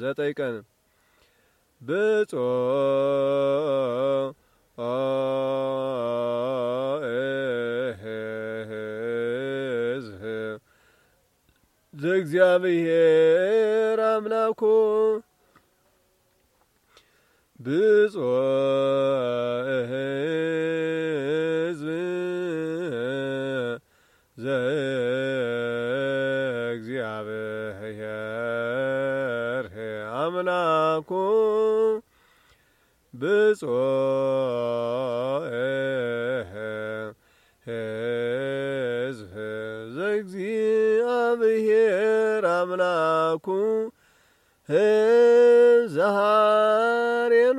ዘጠኝ ቀን ብጾ ህዝህ ዘእግዚአብሔር አምላኩ ብጾ አምላኩ ብፁዕ ሕዝብ ዘእግዚአብሔር አምላኩ ዘሃሬኖ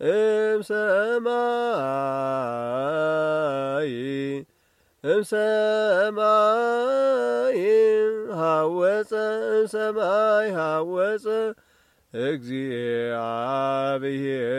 ام سماي ام سماي هاوص ام سماي هاوص እግዚአብሔር